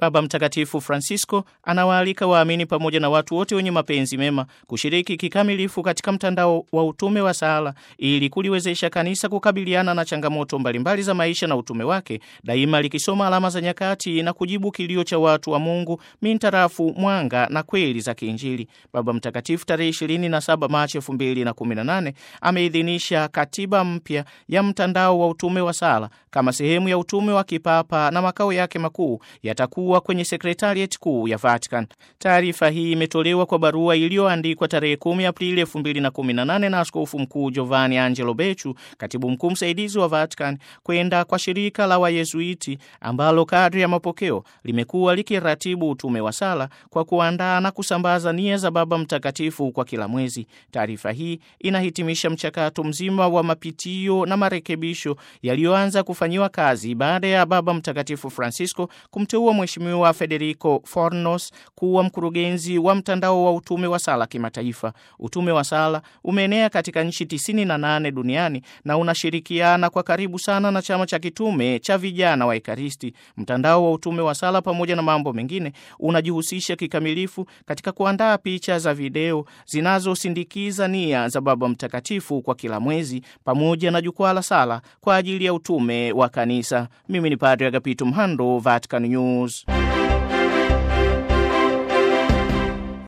Baba Mtakatifu Francisco anawaalika waamini pamoja na watu wote wenye mapenzi mema kushiriki kikamilifu katika mtandao wa utume wa sala ili kuliwezesha kanisa kukabiliana na changamoto mbalimbali za maisha na utume wake, daima likisoma alama za nyakati na kujibu kilio cha watu wa Mungu mintarafu mwanga na kweli za kiinjili. Baba Mtakatifu tarehe 27 Machi 2018 ameidhinisha katiba mpya ya mtandao wa utume wa sala kama sehemu ya utume wa kipapa na makao yake makuu yatakuwa kuwa kwenye sekretariat kuu ya Vatican. Taarifa hii imetolewa kwa barua iliyoandikwa tarehe 10 Aprili 2018 na askofu mkuu Giovanni Angelo Bechu, katibu mkuu msaidizi wa Vatican, kwenda kwa shirika la Wayezuiti ambalo kadri ya mapokeo limekuwa likiratibu utume wa sala kwa kuandaa na kusambaza nia za Baba Mtakatifu kwa kila mwezi. Taarifa hii inahitimisha mchakato mzima wa mapitio na marekebisho yaliyoanza kufanyiwa kazi baada ya Baba Mtakatifu Francisco kumteua mheshimiwa Mheshimiwa Federico Fornos kuwa mkurugenzi wa mtandao wa utume wa sala kimataifa. Utume wa sala umeenea katika nchi 98 duniani na unashirikiana kwa karibu sana na chama cha kitume cha vijana wa Ekaristi. Mtandao wa utume wa sala, pamoja na mambo mengine, unajihusisha kikamilifu katika kuandaa picha za video zinazosindikiza nia za Baba Mtakatifu kwa kila mwezi pamoja na jukwaa la sala kwa ajili ya utume wa kanisa. Mimi ni Padre Agapito Mhando, Vatican News. Thanks.